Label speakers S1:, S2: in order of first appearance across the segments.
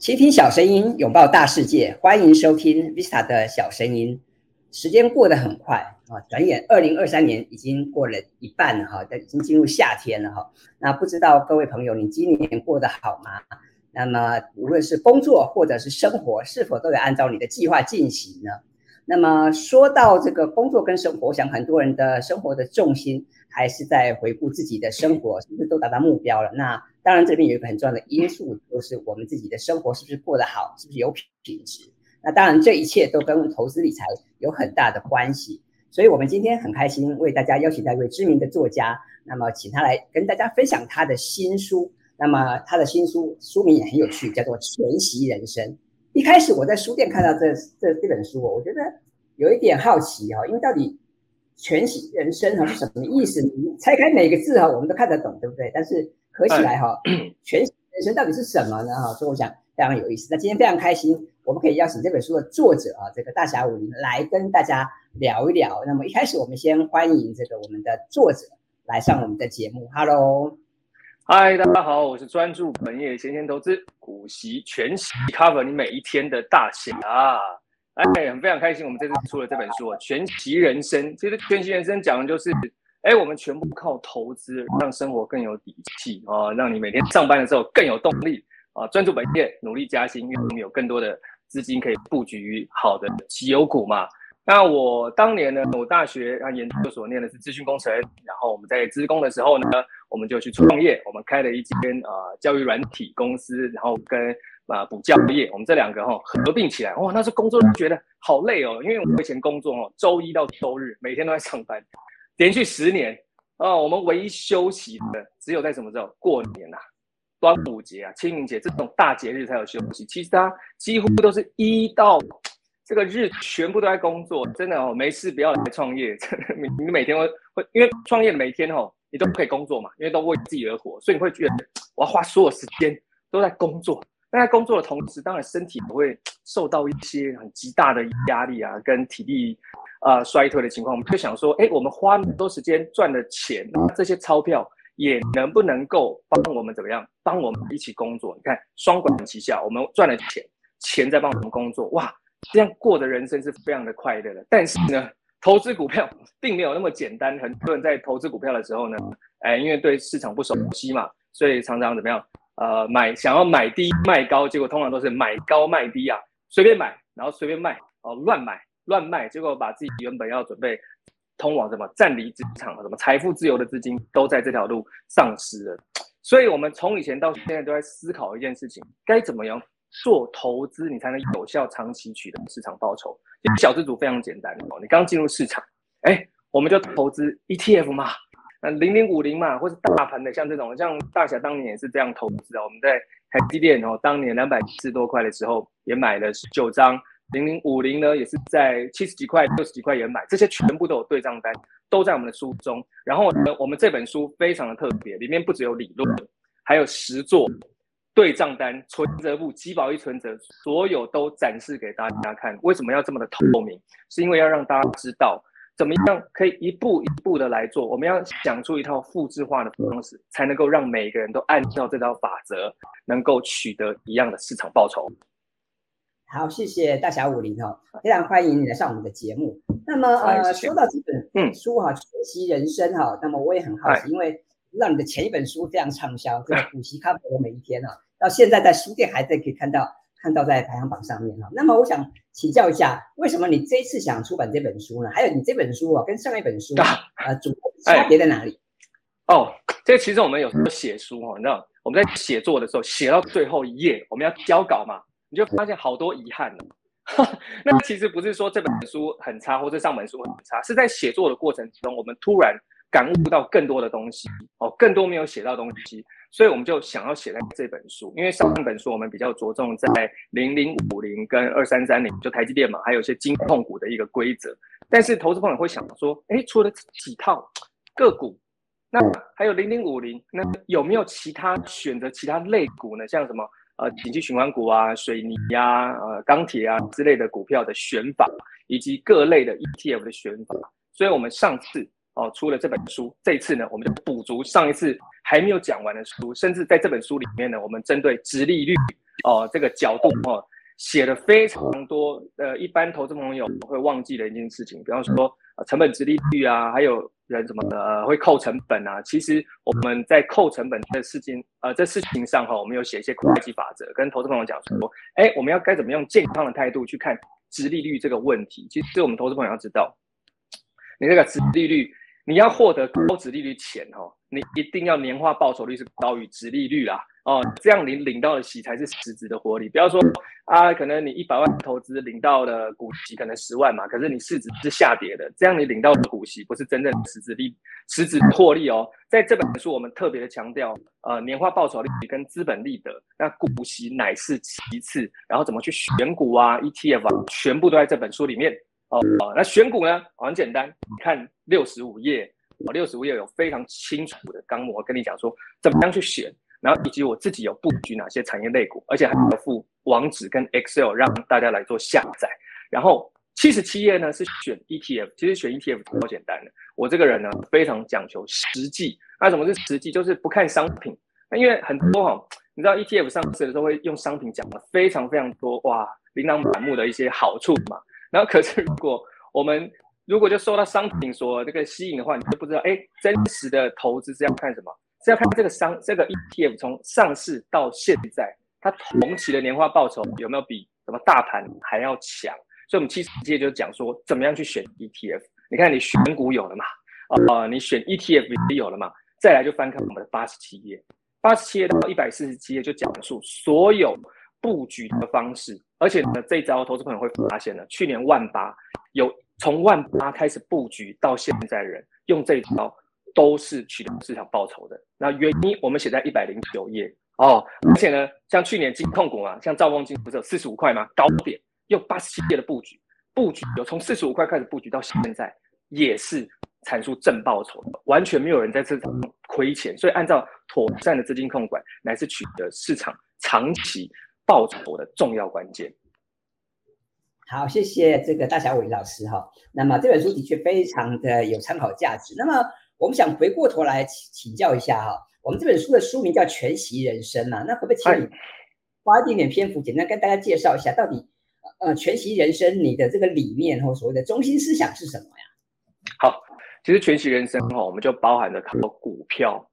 S1: 傾聽小聲音，擁抱大世界。歡迎收聽 Vista 的小聲音。時間過得很快啊，轉眼二零二三年已經過了一半了哈，都已經進入夏天了哈。那不知道各位朋友，你今年過得好嗎？那麼無論是工作或者是生活，是否都得按照你的計劃進行呢？那麼說到這個工作跟生活，我想很多人的生活的重心還是在回顧自己的生活是不是都達到目標了？那當然這邊有一個很重要的因素，就是我們自己的生活是不是過得好，是不是有品質？那當然這一切都跟投資理財有很大的關係。所以我們今天很開心為大家邀請到一位知名的作家，那麼請他來跟大家分享他的新書。那麼他的新書書名也很有趣，叫做《全息人生》。一開始我在書店看到這這這本書、哦，我覺得有一點好奇哈、哦，因為到底“全息人生”哈是什麼意思？你拆開每個字哈、哦，我們都看得懂，對不對？但是合起來哈、哦，“哎、全息人生”到底是什麼呢？哈，所以我想非常有意思。那今天非常開心，我們可以邀請這本書的作者啊，這個大俠武林來跟大家聊一聊。那麼一開始我們先歡迎這個我們的作者來上我們的節目。嗯、Hello，
S2: 嗨，Hi, 大家好，我是專注本業閒錢投資。息全息 cover 你每一天的大俠啊，哎，很非常開心，我們這次出了這本書《全息人生》。其實《全息人生》講的就是，哎、欸，我們全部靠投資，讓生活更有底氣啊、哦，讓你每天上班的時候更有動力啊，專注本業，努力加薪，因為我們有更多的資金可以布局好的績優股嘛。那我當年呢，我大學啊研究所念的是資訊工程，然後我們在資工的時候呢。我們就去創業，我們開了一間啊、呃、教育軟體公司，然後跟啊、呃、補教業，我們這兩個哈、哦、合併起來，哇、哦，那時候工作覺得好累哦，因為我們以前工作哦，週一到週日每天都在上班，連續十年啊、哦，我們唯一休息的只有在什麼時候？過年吶、啊，端午節啊，清明節這種大節日才有休息，其實他幾乎都是一到這個日全部都在工作，真的哦，沒事不要來創業，你每，每天會會因為創業每天哦。你都不可以工作嘛，因為都為自己而活，所以你會覺得我要花所有時間都在工作。但在工作的同時，當然身體也會受到一些很極大的壓力啊，跟體力啊、呃、衰退的情況。我們就想說，哎，我們花那麼多時間賺的錢，那這些鈔票也能不能夠幫我們怎麼樣，幫我們一起工作？你看，雙管齊下，我們賺了錢，錢在幫我們工作，哇，這樣過的人生是非常的快樂的。但是呢，投資股票並沒有那麼簡單，很多人在投資股票的時候呢，哎，因為對市場不熟悉嘛，所以常常怎麼樣？呃，買想要買低賣高，結果通常都是買高賣低啊，隨便買，然後隨便賣，哦，亂買亂賣，結果把自己原本要準備通往什麼暫離職場、什麼財富自由的資金，都在這條路喪失了。所以我們從以前到現在都在思考一件事情，該怎麼樣？做投資，你才能有效長期取得市場報酬。其實小資族非常簡單哦，你剛進入市場，哎、欸，我們就投資 ETF 嘛，那零零五零嘛，或是大盤的，像這種，像大俠當年也是這樣投資的。我們在台積電哦，當年兩百七十多塊的時候也買了九張零零五零呢，也是在七十幾塊、六十幾塊也買，這些全部都有對賬單，都在我們的書中。然後我們這本書非常的特別，裡面不只有理論，還有實作。對賬單、存摺簿、集保 e 存摺，所有都展示給大家看。為什麼要這麼的透明？是因為要讓大家知道怎麼樣可以一步一步的來做。我們要講出一套複製化的方式，才能夠讓每個人都按照這套法則，能夠取得一樣的市場報酬。
S1: 好，謝謝大俠武林哈、哦，非常歡迎你來上我們的節目。那麼，呃，謝謝說到這本書哈、哦，嗯、全息人生哈、哦，那麼我也很好奇，嗯、因為。讓你的前一本書這樣暢銷，是《股息 Cover 我每一天》啊，哎、到現在在書店還在可以看到，看到在排行榜上面哈、啊。那麼我想請教一下，為什麼你這次想出版這本書呢？還有你這本書啊，跟上一本書啊，啊主
S2: 差別在哪裡、哎？哦，這其實我們有寫書哦，嗯、你知道我們在寫作的時候，寫到最後一頁，我們要交稿嘛，你就發現好多遺憾 那其實不是說這本書很差，或者上本書很差，是在寫作的過程中，我們突然。感悟到更多的東西哦，更多沒有寫到東西，所以我們就想要寫在這本書。因為上一本書我們比較着重在零零五零跟二三三零，就台積電嘛，還有一些金控股的一個規則。但是投資朋友會想說，哎、欸，除了這幾套個股，那還有零零五零，那有沒有其他選擇其他類股呢？像什麼呃，景氣循環股啊，水泥呀、啊，呃，鋼鐵啊之類的股票的選法，以及各類的 ETF 的選法。所以我們上次。哦，出了這本書，這一次呢，我們就補足上一次還沒有講完的書，甚至在這本書裡面呢，我們針對殖利率哦這個角度哦，寫了非常多呃，一般投資朋友會忘記的一件事情，比方說、呃、成本殖利率啊，還有人怎麼的、呃、會扣成本啊，其實我們在扣成本的事情呃這事情上哈、哦，我們有寫一些會計法則，跟投資朋友講說，哎，我們要該怎麼用健康的態度去看殖利率這個問題，其實我們投資朋友要知道，你那個殖利率。你要獲得高殖利率錢哦，你一定要年化報酬率是高於殖利率啊。哦，這樣你領到的息才是實質的獲利。不要說啊，可能你一百萬投資領到的股息可能十萬嘛，可是你市值是下跌的，這樣你領到的股息不是真正的實質利實質獲利哦。在這本書我們特別的強調，呃，年化報酬率跟資本利得，那股息乃是其次，然後怎麼去選股啊，ETF 啊，全部都在這本書裡面。哦，好，那選股呢？哦、很簡單，你看六十五頁哦，六十五頁有非常清楚的綱目，我跟你講說怎麼樣去選，然後以及我自己有布局哪些產業類股，而且還有附網址跟 Excel 讓大家來做下載。然後七十七頁呢是選 ETF，其實選 ETF 比較簡單的。我這個人呢非常講求實際，那什麼是實際？就是不看商品，那因為很多哈，你知道 ETF 上市的時候會用商品講了非常非常多哇，琳琅滿目的一些好處嘛。然後，可是如果我們如果就受到商品所這個吸引的話，你就不知道哎，真實的投資是要看什麼？是要看這個商這個 ETF 從上市到現在，它同期的年化報酬有沒有比什麼大盤還要強？所以我們七十頁就講說怎麼樣去選 ETF。你看你選股有了嘛？啊、呃，你選 ETF 也有了嘛？再來就翻看我們的八十七頁，八十七頁到一百四十七頁就講述所有布局的方式。而且呢，這一招投資朋友會發現呢，去年萬八有從萬八開始布局到現在，人用這一招都是取得市場報酬的。那原因我們寫在一百零九頁哦。而且呢，像去年金控股啊，像兆豐金不是有四十五塊嗎？高點，用八十七頁的布局，布局有從四十五塊開始布局到現在，也是產出正報酬的，完全沒有人在這當中虧錢。所以按照妥善的資金控管，乃是取得市場長期。報酬的重要關鍵。
S1: 好，謝謝這個大俠武林老師哈、哦。那麼這本書的確非常的有參考價值。那麼我們想回過頭來請請教一下哈、哦，我們這本書的書名叫《全息人生》嘛，那可不可以請你花一點點篇幅，簡單跟大家介紹一下，到底、哎、呃《全息人生》你的這個理念和、哦、所謂的中心思想是什麼呀？
S2: 好，其實《全息人生、哦》哈，我們就包含着看股票。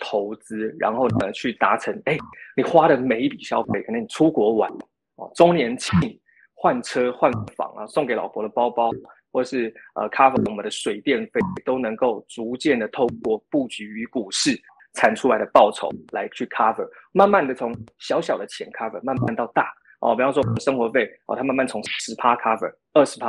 S2: 投資，然後呢，去達成。哎、欸，你花的每一筆消費，可能你出國玩、哦、週年慶、換車、換房啊，送給老婆的包包，或是呃 cover 我們的水電費，都能夠逐漸的透過布局於股市產出來的報酬來去 cover，慢慢的從小小的錢 cover 慢慢到大哦。比方說我們生活費哦，它慢慢從十趴 cover 二十趴。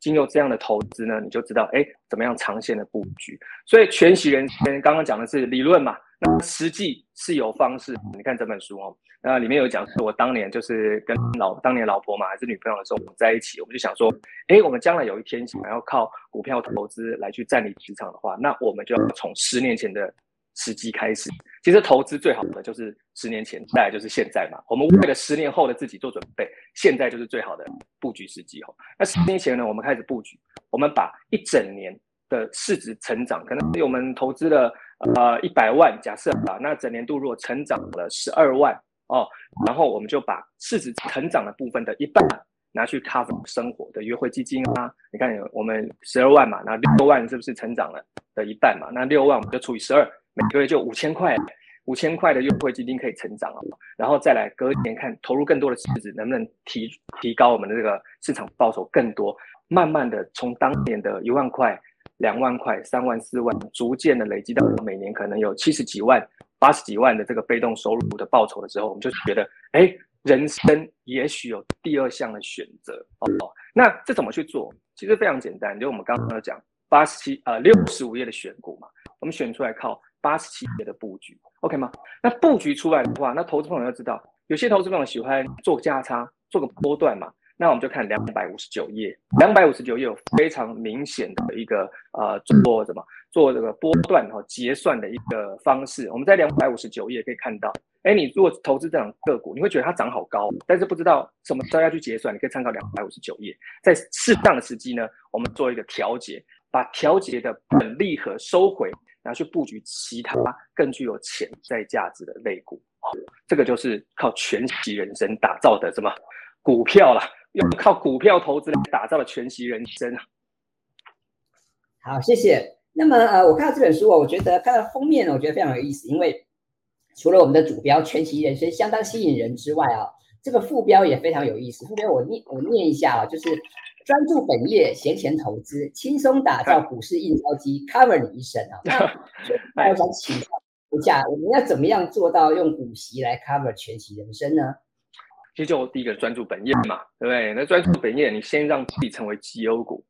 S2: 經過這樣的投資呢，你就知道，哎，怎麼樣長線的布局。所以全息人生剛剛講的是理論嘛，那實際是有方式。你看這本書哦，那裡面有講說我當年就是跟老當年老婆嘛，還是女朋友的時候，我們在一起，我們就想說，哎，我們將來有一天想要靠股票投資來去佔領市場的話，那我們就要從十年前的時機開始。其實投資最好的就是十年前，大概就是現在嘛。我們為了十年後的自己做準備，現在就是最好的布局時機哈。那十年前呢，我們開始布局，我們把一整年的市值成長，可能我們投資了呃一百萬，假設吧，那整年度如果成長了十二萬哦，然後我們就把市值成長的部分的一半拿去 cover 生活的約會基金啊。你看，我們十二萬嘛，那六萬是不是成長了的一半嘛？那六萬我們就除以十二。每個月就五千塊，五千塊的優惠基金可以成長哦，然後再來隔一年看投入更多的市值，能不能提提高我們的這個市場報酬更多？慢慢的從當年的一萬塊、兩萬塊、三萬、四萬，逐漸的累積到每年可能有七十幾萬、八十幾萬的這個被動收入的報酬的時候，我們就覺得，哎，欸，人生也許有第二項的選擇哦。那這怎麼去做？其實非常簡單，就我們剛剛講八十七、呃、六十五頁的選股嘛，我們選出來靠。八十七頁的布局，OK 嗎？那布局出來的話，那投資朋友要知道，有些投資朋友喜歡做價差，做個波段嘛。那我們就看兩百五十九頁，兩百五十九頁有非常明顯的一個呃做什麼做這個波段哈、喔、結算的一個方式。我們在兩百五十九頁可以看到，哎、欸，你如果投資這種個股，你會覺得它漲好高，但是不知道什麼時候要去結算，你可以參考兩百五十九頁，在適當的時機呢，我們做一個調節，把調節的本利和收回。拿去布局其他更具有潛在價值的類股，這個就是靠全息人生打造的什麼股票了。要靠股票投資來打造的全息人生啊！
S1: 好，謝謝。那麼呃，我看到這本書我覺得它的封面我覺得非常有意思，因為除了我們的主標“全息人生”相當吸引人之外啊、哦，這個副標也非常有意思。副標我念我念一下啊，就是。專注本業，閒錢投資，輕鬆打造股市印鈔機唉，cover 你一生唉啊！那我想請教一下，我們唉要怎麼樣做到用股息來 cover 全息人生呢？
S2: 其實就第一個專注本業嘛，對不對？那專注本業，你先讓自己成為績優股，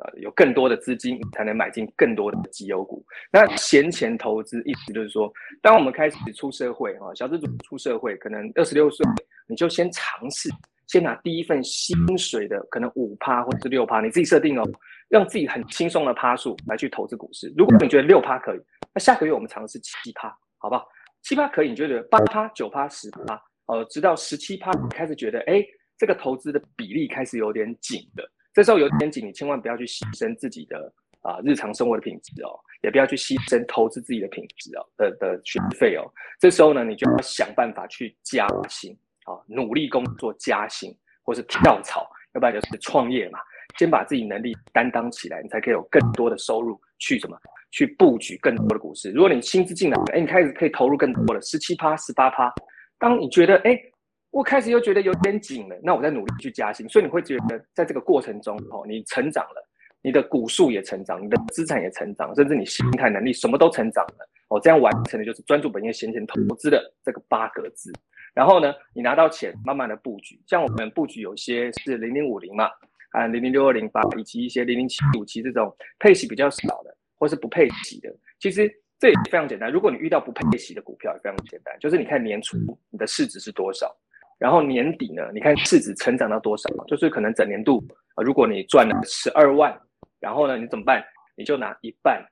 S2: 啊，有更多的資金才能買進更多的績優股。那閒錢投資意思就是說，當我們開始出社會啊，小資主出社會，可能二十六歲你就先嘗試。先拿第一份薪水的可能五趴或者是六趴，你自己設定哦，讓自己很輕鬆的趴數來去投資股市。如果你覺得六趴可以，那下個月我們嘗試七趴，好不好？七趴可以，你就覺得八趴、九趴、十趴、呃，直到十七趴，你開始覺得哎，這個投資的比例開始有點緊了。這時候有點緊，你千萬不要去犧牲自己的啊、呃、日常生活的品質哦，也不要去犧牲投資自己的品質哦，的的學費哦。這時候呢，你就要想辦法去加薪。哦，努力工作加薪，或是跳槽，要不然就是創業嘛。先把自己能力擔當起來，你才可以有更多的收入去什麼？去布局更多的股市。如果你薪資進來，哎、欸，你開始可以投入更多的十七趴、十八趴。當你覺得，哎、欸，我開始又覺得有點緊了，那我再努力去加薪。所以你會覺得，在這個過程中，哦，你成長了，你的股數也成長，你的資產也成長，甚至你心態能力什麼都成長了。哦，這樣完成的就是專注本業，閒錢投資的這個八個字。然後呢，你拿到錢，慢慢的布局。像我們布局有些是零零五零嘛，啊，零零六二零八，以及一些零零七五七這種配息比較少的，或是不配息的，其實這也非常簡單。如果你遇到不配息的股票，也非常簡單，就是你看年初你的市值是多少，然後年底呢，你看市值成長到多少，就是可能整年度，呃，如果你賺了十二萬，然後呢，你怎麼辦？你就拿一半。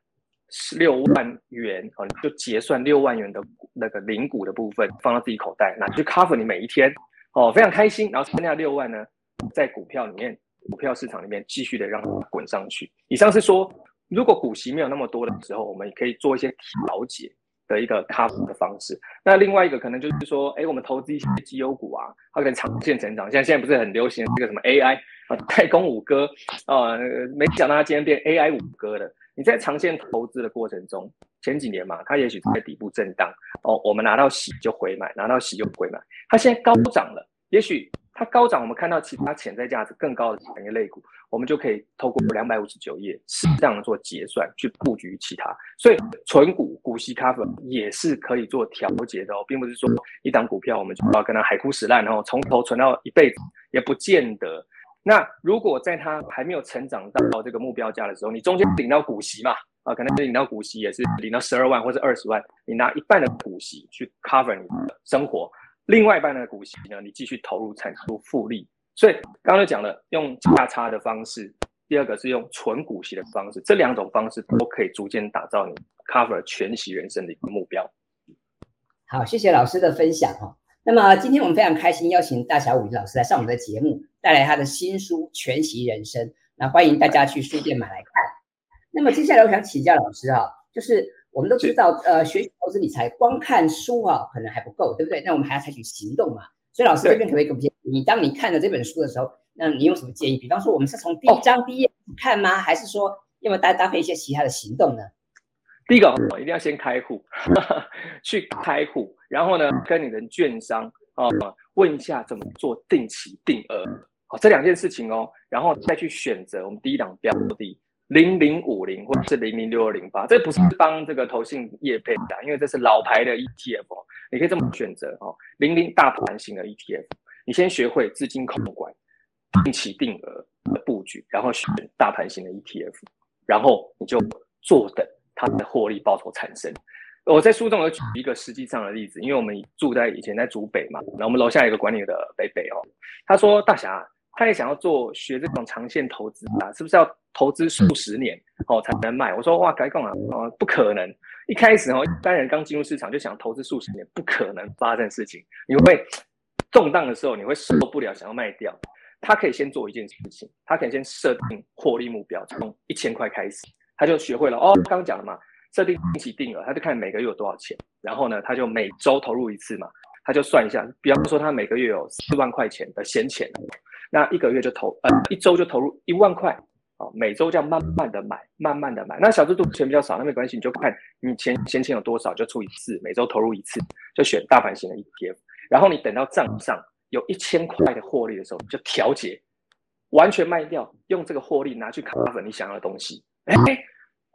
S2: 十六萬元哦，就結算六萬元的那個零股的部分放到自己口袋，拿去 cover 你每一天哦，非常開心。然後剩下六萬呢，在股票裡面，股票市場裡面繼續的讓它滾上去。以上是說，如果股息沒有那麼多的時候，我們也可以做一些調節的一個 cover 的方式。那另外一個可能就是說，誒、欸，我們投資一些績優股啊，它可能長線成長。現在現在不是很流行這個什麼 AI 啊，代工五哥啊，沒想到他今天變 AI 五哥的。你在長線投資的過程中，前幾年嘛，它也許在底部震盪，哦，我們拿到息就回買，拿到息就回買。它現在高漲了，也許它高漲，我們看到其他潛在價值更高的產業類股，我們就可以透過兩百五十九頁，適當的做結算去布局其他。所以存股股息 cover 也是可以做調節的哦，並不是說一檔股票我們就要跟它海枯石爛，然後從頭存到一輩子也不見得。那如果在他還沒有成長到這個目標價的時候，你中間領到股息嘛，啊，可能領到股息也是領到十二萬或者二十萬，你拿一半的股息去 cover 你的生活，另外一半的股息呢，你繼續投入產出複利。所以剛才講了用價差的方式，第二個是用純股息的方式，這兩種方式都可以逐漸打造你 cover 全息人生的一個目標。
S1: 好，謝謝老師的分享哦。那麼今天我們非常開心，邀請大俠武林老師來上我們的節目，帶來他的新書《全息人生》。那歡迎大家去書店買來看。那麼接下來我想請教老師啊，就是我們都知道，是呃，學習投資理財光看書啊，可能還不夠，對不對？那我們還要採取行動嘛。所以老師這邊可不可以給我們建議對你，當你看了這本書的時候，那你有什麼建議？比方說我們是從第一章，哦，第一頁看嗎？還是說要不要搭搭配一些其他的行動呢？
S2: 第一個我一定要先開戶，是 去開戶。然後呢，跟你的券商啊問一下怎麼做定期定額，好這兩件事情哦，然後再去選擇我們第一檔標的零零五零或者是零零六二零八，這不是幫這個投信業配的，因為這是老牌的 ETF 哦，你可以這麼選擇哦，零零大盤型的 ETF，你先學會資金控管，定期定額的布局，然後選大盤型的 ETF，然後你就坐等它的獲利報酬產生。我在書中我舉一個實際上的例子，因為我們住在以前在竹北嘛，那我們樓下有一個管理的北北哦，他說大俠，他也想要做學這種長線投資啊，是不是要投資數十年哦才能賣？我說哇該講啊，哦，不可能，一開始哦，一般人剛進入市場就想投資數十年，不可能發生事情。你會震盪的時候，你會受不了，想要賣掉。他可以先做一件事情，他可以先設定獲利目標，從一千塊開始，他就學會了哦，剛剛講了嘛。設定定期定額，他就看每個月有多少錢，然後呢，他就每周投入一次嘛，他就算一下，比方說他每個月有四萬塊錢的閒錢，那一個月就投呃一周就投入一萬塊、哦，每周這樣慢慢的買，慢慢的買。那小資族錢比較少，那沒關係，你就看你錢閒錢有多少，就出一次，每周投入一次，就選大盤型的 ETF，然後你等到賬上有一千塊的獲利的時候，就調節，完全賣掉，用這個獲利拿去 cover 你想要的東西，哎、欸。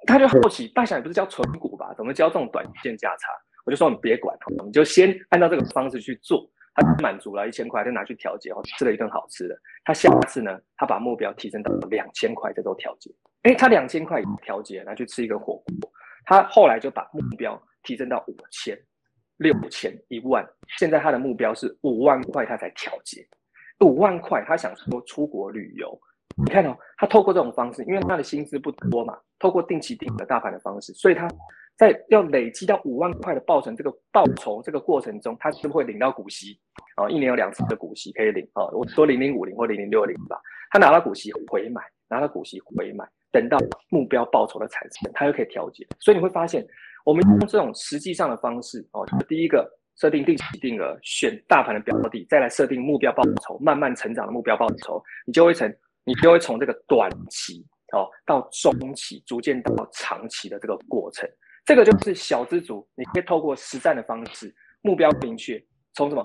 S2: 他就好奇，大俠也不是叫存股吧，怎麼教這種短線價差？我就說你別管，你就先按照這個方式去做。他滿足了一千塊，就拿去調節，吃了一頓好吃的。他下次呢，他把目標提升到兩千塊，再做調節。誒，他兩千塊調節，拿去吃一個火鍋。他後來就把目標提升到五千、六千、一萬。現在他的目標是五萬塊，他才調節。五萬塊，他想說出國旅遊。你看哦，他透過這種方式，因為他的薪資不多嘛，透過定期定額大盤的方式，所以他在要累積到五萬塊的報酬這個報酬這個過程中，他是不是會領到股息啊，哦，一年有兩次的股息可以領啊，哦，我說零零五零或零零六零吧，他拿到股息回買，拿到股息回買，等到目標報酬的產生，他又可以調節，所以你會發現，我們用這種實際上的方式哦，第一個設定定期定額，選大盤的標的，再來設定目標報酬，慢慢成長的目標報酬，你就會成。你就會從這個短期哦，到中期，逐漸到長期的這個過程，這個就是小資族。你可以透過實戰的方式，目標明確，從什麼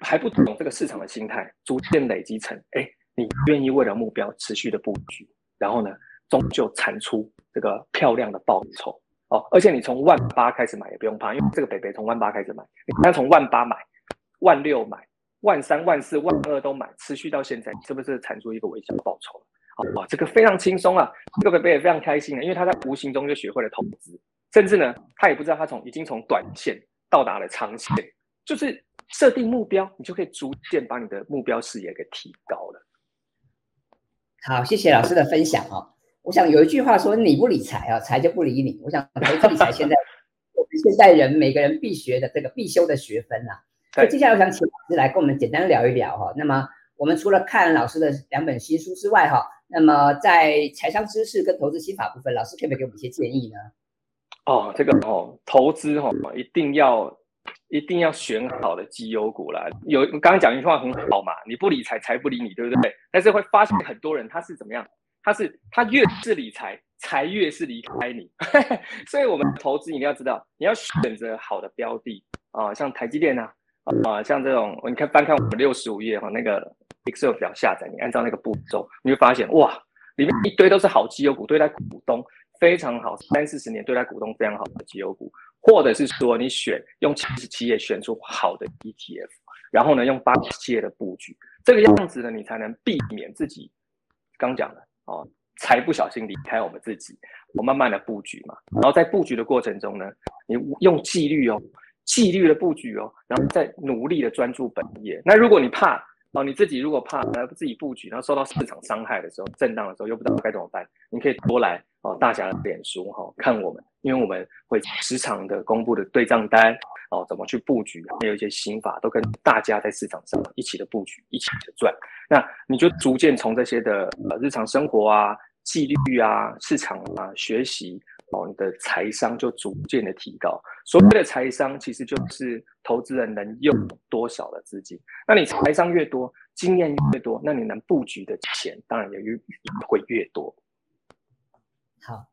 S2: 還不懂這個市場的心態，逐漸累積成，哎、欸，你願意為了目標持續的布局，然後呢，終究產出這個漂亮的報酬哦。而且你從萬八開始買也不用怕，因為這個北北從萬八開始買，你要從萬八買，萬六買。萬三萬四萬二都買，持續到現在，你是不是產出一個微小報酬？啊、哦，這個非常輕鬆啊，這個貝貝也非常開心啊，因為他在無形中就學會了投資，甚至呢，他也不知道他從已經從短線到達了長線，就是設定目標，你就可以逐漸把你的目標視野給提高了。
S1: 好，謝謝老師的分享哦。我想有一句話說：“你不理財啊，財就不理你。”我想，投資理財現在我們 現在人每個人必學的這個必修的學分啊。而對，接下來我想請老師來跟我們簡單聊一聊哈、哦。那麼我們除了看老師的兩本新書之外哈、哦，那麼在財商知識跟投資心法部分，老師可不可以給我們一些建議
S2: 呢？哦，這個哦，投資哈、哦，一定要一定要選好的績優股啦。有剛剛講一句話很好嘛，你不理財，財不理你，對不對？但是會發現很多人他是怎麼樣？他是他越是理財，財越是離開你。 所以我們投資你要知道，你要選擇好的標的啊、哦，像台積電吶、啊。啊，像這種，你看翻看我們六十五頁哈，那個 Excel 表下載，你按照那個步驟，你會發現哇，裡面一堆都是好績優股，對待股東非常好，三四十年對待股東非常好的績優股，或者是說你選用七十七頁選出好的 ETF，然後呢用八十七頁的佈局，這個樣子呢，你才能避免自己剛講的哦，才不小心離開我們自己，我慢慢的佈局嘛，然後在佈局的過程中呢，你用紀律哦。紀律的布局哦，然後再努力的專注本業。那如果你怕哦，你自己如果怕自己布局，然後受到市場傷害的時候，震盪的時候又不知道該怎麼辦，你可以多來哦，大家的臉書哈、哦，看我們，因為我們會時常的公布的對賬單哦，怎麼去布局，還、啊、有一些心法都跟大家在市場上一起的布局，一起的賺。那你就逐漸從這些的呃日常生活啊、紀律啊、市場啊學習。哦，你的財商就逐漸的提高。所謂的財商，其實就是投資人能用多少的資金。那你財商越多，經驗越多，那你能布局的錢當然也越會越多。好，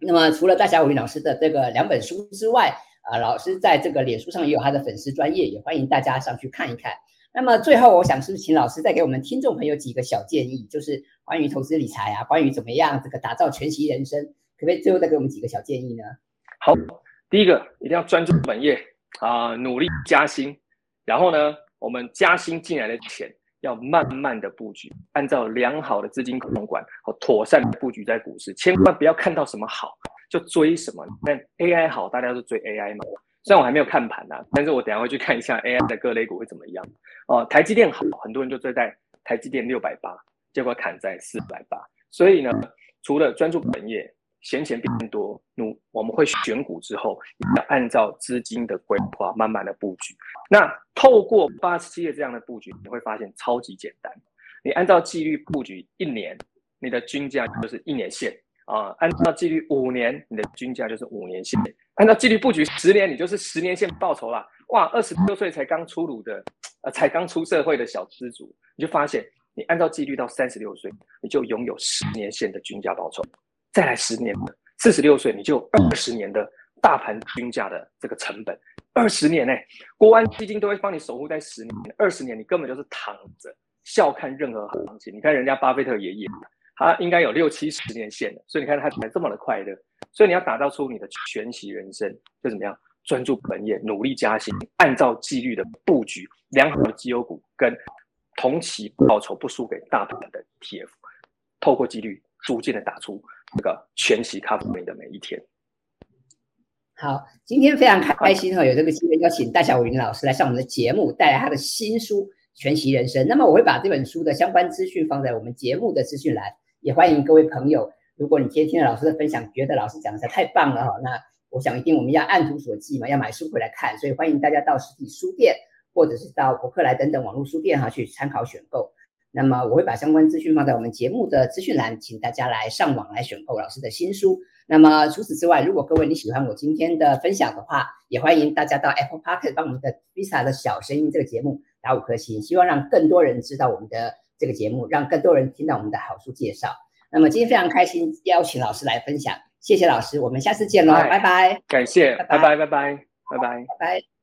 S1: 那麼除了大俠武林老師的這個兩本書之外，啊、呃，老師在這個臉書上也有他的粉絲專頁，也歡迎大家上去看一看。那麼最後，我想是請老師再給我們聽眾朋友幾個小建議，就是關於投資理財啊，關於怎麼樣這個打造全息人生。
S2: 可不可以最後再給我們幾個小建議呢？好，第一個一定要專注本業啊、呃，努力加薪。然後呢，我們加薪進來的錢要慢慢的布局，按照良好的資金控管管和、哦、妥善的布局在股市，千萬不要看到什麼好就追什麼。但 AI 好，大家都追 AI 嘛。雖然我還沒有看盤吶、啊，但是我等一下會去看一下 AI 的各類股會怎麼樣。哦、呃，台積電好，很多人就追在台積電六百八，結果砍在四百八。所以呢，除了專注本業。閒錢變多，那我們會選股之後，要按照資金的規劃，慢慢的布局。那透過八十七的這樣的布局，你會發現超級簡單。你按照紀律布局一年，你的均價就是一年線啊、呃；按照紀律五年，你的均價就是五年線；按照紀律布局十年，你就是十年線報酬了。哇，二十六歲才剛出爐的，呃，才剛出社會的小資族，你就發現，你按照紀律到三十六歲，你就擁有十年線的均價報酬。再來十年的四十六歲，你就有二十年的大盤均價的這個成本，二十年內、欸，國安基金都會幫你守護在十年二十年，年你根本就是躺着笑看任何行情。你看人家巴菲特爺爺，他應該有六七十年線了，所以你看他才這麼的快樂。所以你要打造出你的全息人生，就怎麼樣專注本業，努力加薪，按照紀律的布局，良好的績優股跟同期報酬不輸給大盤的 ETF，透過紀律逐漸的打出。一個全息咖啡的每一天。
S1: 好，今天非常開開心哈，有這個機會邀請大俠武林老師來上我們的節目，帶來他的新書《全息人生》。那麼我會把這本書的相關資訊放在我們節目的資訊欄，也歡迎各位朋友。如果你今天聽了老師的分享，覺得老師講得太棒了哈，那我想一定我們要按圖索驥嘛，要買書回來看。所以歡迎大家到實體書店，或者是到博客來等等網絡書店哈，去參考選購。那麼我會把相關資訊放在我們節目的資訊欄，請大家來上網來選購老師的新書。那麼除此之外，如果各位你喜歡我今天的分享的話，也歡迎大家到 Apple Podcast 幫我們的 Vista 的小聲音這個節目打五顆星，希望讓更多人知道我們的這個節目，讓更多人聽到我們的好書介紹。那麼今天非常開心邀請老師來分享，謝謝老師，我們下次見嘍，拜拜。拜拜
S2: 感謝，拜拜拜拜拜拜
S1: 拜。